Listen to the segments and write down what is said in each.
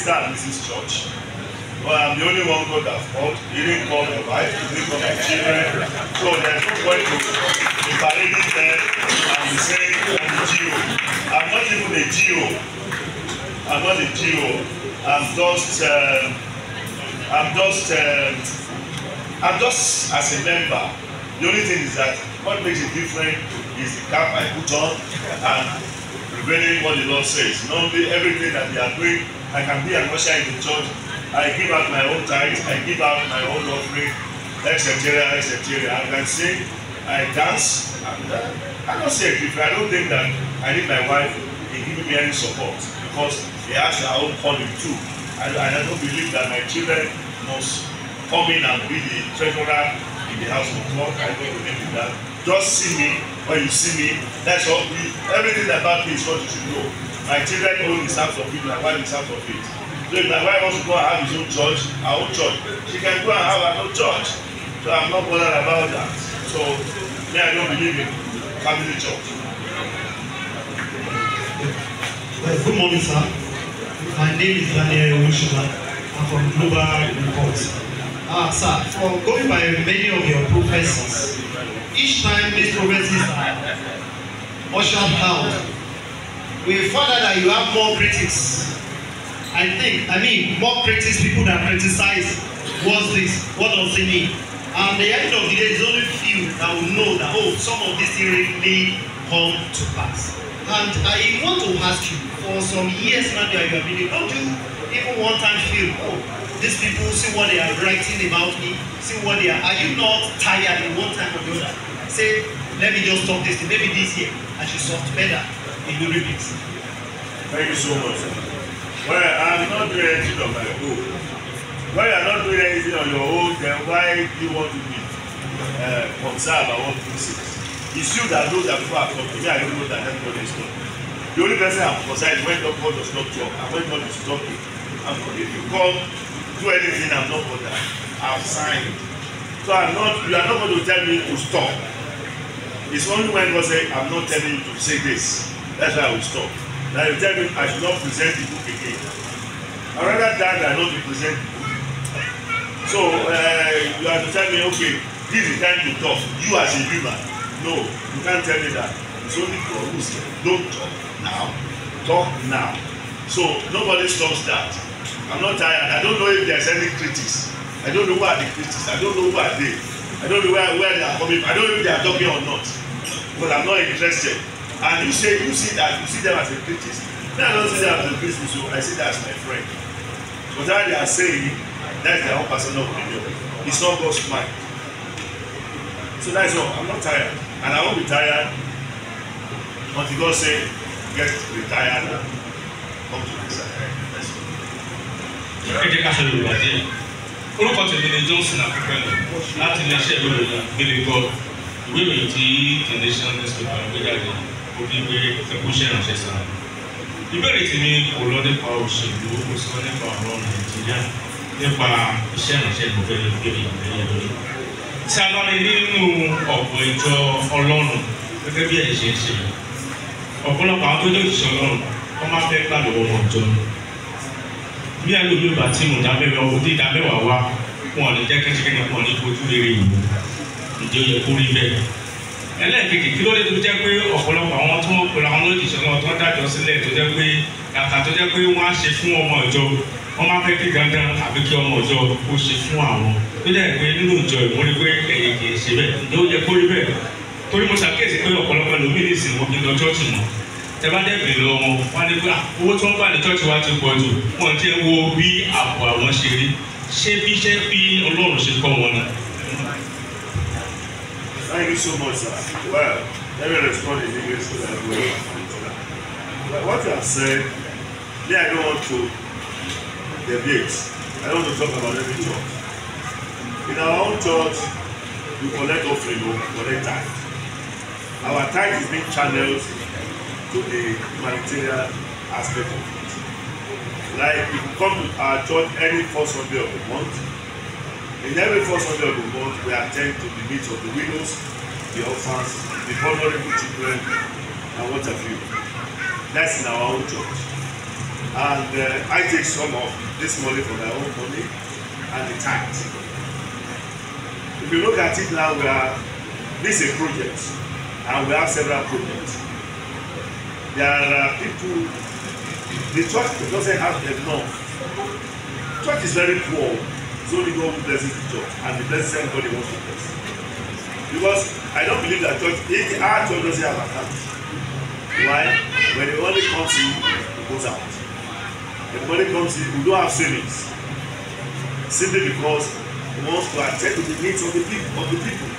Mr. and Mrs. Church. Well, I'm the only one God has called. He didn't call my wife, he didn't call my children. So there's no point to be parading there and be saying I'm a GO. I'm not even a GO. I'm not a GO. I'm just, um, I'm just, um, I'm just as a member. The only thing is that what makes a difference is the cap I put on and revealing what the Lord says. Normally, everything that they are doing I can be an usher in the church. I give out my own tithe. I give out my own offering, etc., etc. I can sing. I dance. And, uh, I don't say if I don't think that I need my wife in giving me any support because they has their own calling too. And, and I don't believe that my children must come in and be the treasurer in the house of God. I don't believe in that. Just see me when you see me. That's all. Everything about me is what you should know. My children own the house of it, my wife is out of it. So if my wife wants to go and have his own church, her own church, she can go and have her own church. So I'm not bothered about that. So me, I don't believe in family church. Good morning, sir. My name is Daniel Oshima. I'm from Global Report. Ah, sir, from going by many of your professors, each time these professors are ushered out we find out that you have more critics. I think, I mean, more critics, people that criticize what's this, what does it mean? And at the end of the day, there's only few that will know that, oh, some of this thing really come to pass. And I want to ask you, for some years now that you have been don't you even one time feel, oh, these people see what they are writing about me, see what they are, are you not tired in one time or the other? Say, let me just stop this, maybe this year I should stop better in the remit. Thank you so much. Well, I'm not doing anything on my own. When you're not doing anything on your own, then why do you want to be uh, concerned about what people say? It's you that know that people are talking. Me, I don't know that everybody is talking. The only person I'm concerned is when God does not talk and when God is talking. I'm if you come do anything, I'm not bothered. I've signed. So I'm not. You are not going to tell me to stop. It's only when God say, "I'm not telling you to say this." That's why I will stop. Now you tell me I should not present the book again. I rather die than not be present the book. So uh, you have to tell me, okay, this is time to talk. You as a human. No, you can't tell me that. It's only for who said, don't talk now. Talk now. So nobody stops that. I'm not tired. I don't know if there's any critics. I don't know who are the critics. I don't know who are they. I don't know where, where they are coming from. I don't know if they are talking or not. But I'm not interested. And you say you see that you see them as a Christian. No, I don't see them as a Christian, so I see that as my friend. But that they are saying that's their own personal opinion. It's not God's mind. So that's all. I'm not tired. And I won't be tired until God say, get retired and come to this side. jẹ́ ká sọ̀rọ̀ ìwà díẹ̀ orúkọ tèmi ni Johnson akíkẹ́lẹ̀ láti iléeṣẹ́ ìwé ìròyìn àgbélébọ́ ìwé ìròyìn tí The newspaper gbé jáde òbí wéré ẹkúṣẹ́ ìrànṣẹ́ sáà ìbéèrè tèmi kò lọ nípa òṣèlú kò sọ nípa ọ̀rọ̀ nàìjíríà nípa iṣẹ́ ìrànṣẹ́ ìgbọ̀fẹ́ lórí ìgbẹ́yẹ lórí tí a bá rí nínú ọ̀pọ̀ ìjọ ọlọ́run gẹ́gẹ́ bí ẹ̀ṣẹ̀ ń ṣe ọ̀pọ̀lọpọ̀ àwọn tó jẹ́ òṣìṣẹ́ ọlọ́run wọ́n máa fẹ́ gbà lọ́wọ́ wọn jọ ni bí àgbègbè bá tí mò ń dábẹ́wàá ó dé dábẹ́wàá wá wọn ò ní jẹ́ kẹ́kẹ́ wọn ò ní fojú rere ìwò ìjọ yẹ kó rí bẹ́ẹ̀ ẹlẹ́ẹ̀kejì kí ló dé tó jẹ́ pé ọ̀pọ̀lọpọ̀ àwọn tó ń pèrè àwọn lòdì sọ́nà tó ń dájọ́ sílẹ̀ tó jẹ́ pé kàkà tó jẹ́ pé wọ́n á ṣe fún ọmọ ìjọ wọ́n máa fẹ́ kí gangan àbí kí ọmọ ìjọ kó ṣe fún àwọn tó jẹ́ pé nínú ìjọ ìmúrí pé ẹ̀yìn kì í ṣe bẹ́ẹ̀ yóò yẹ kó rí bẹ́ẹ̀ torí mo ṣàkíyèsí pé ọ̀pọ̀lọpọ̀ lómi ní ìsìn wọn kí lọ chọ́ọ̀chì mọ́ tẹ́bàdé bèrè lọ wọn wọn ní pé ah, owó tí wọ́n gbà ní chọ́ọ̀chì wa ti pọ̀ jù wọn ti wo bí àpò àwọn ṣe rí ṣé bí ṣé bí ọlọ́run ṣe kọ́ wọn náà Thank you so much, sir. Well, let me respond in English to that way. Well, what you have said, me, I don't want to debate. I don't want to talk about every church. In our own church, we collect offering, we collect tithe. Our tithe is being channeled to the humanitarian aspect of it. Like, if you come to our church any first Sunday of the month, In every first Sunday of the month, we attend to the needs of the widows, the orphans, the vulnerable children, and what have you. That's in our own church. And uh, I take some of this money from my own money and the tithe. If you look at it now, we are this is a project, and we have several projects. There are uh, people, the church doesn't have enough. Church is very poor so the God bless the church and the blessing somebody wants to bless because I don't believe that church if our church doesn't have account why when the money comes in it goes out the money comes in we don't have savings simply because we want to attend to the needs of the people of the people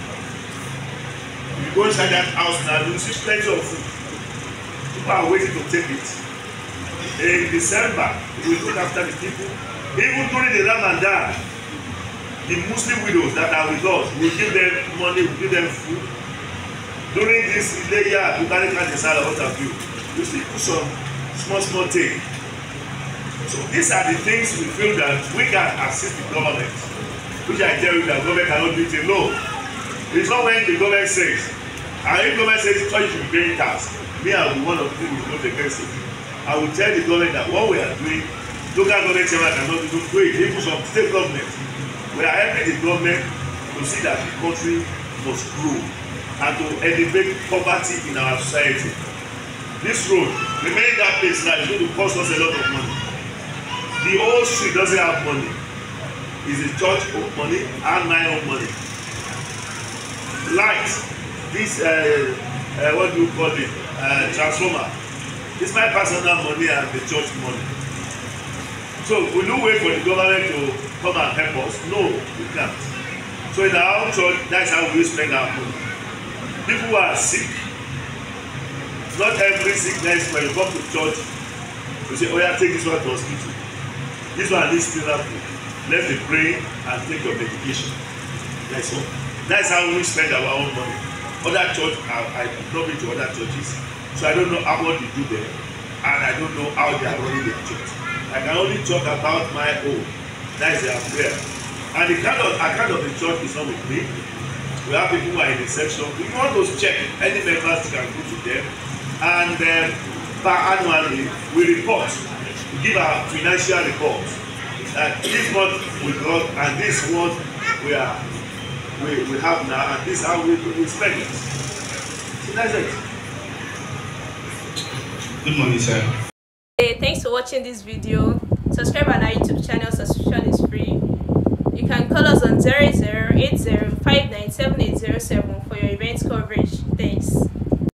you go inside that house now you see plenty of food people are waiting to take it in December we look after the people even during the Ramadan the muslim widows that are with us we give them money we give them food during this iléyà to carry can inside of water bill we still put some small small thing so these are the things we feel that we can assist the government which i tell you that government cannot do it alone it's not when the government says and if government says church should be paying tax me i will one of the people who vote against it i will tell the government that what we are doing local government chairman cannot even do it even some state government we are helping the government to see that the country must grow and to elevate poverty in our society this road remaining that place now is going to cost us a lot of money the whole street doesn't have money is the church own money and my own money light this uh, uh, what do you call it uh, transformer it's my personal money and the church money so we no wait for the government to come and help us. No, we can't. So in our church, that's how we spend our money. People who are sick, not every sickness when you come to church, you say, oh yeah, take this one to hospital. This one needs still therapy. Let me pray and take your medication. That's all. That's how we spend our own money. Other church, I, I love to other churches. So I don't know how what they do there, and I don't know how they are running their church. I can only talk about my own. That is their prayer. And the kind of account of the church is not with me. We have people who are in the section. We want to check any members can go to them. And um, per annually, we report. We give our financial report. That this month we got and this month we are we, we have now and this how we, we spend it. So that's it. Good morning, sir. Hey, thanks for watching this video. Subscribe on our YouTube channel, subscription call us on 0080 for your event coverage. Thanks.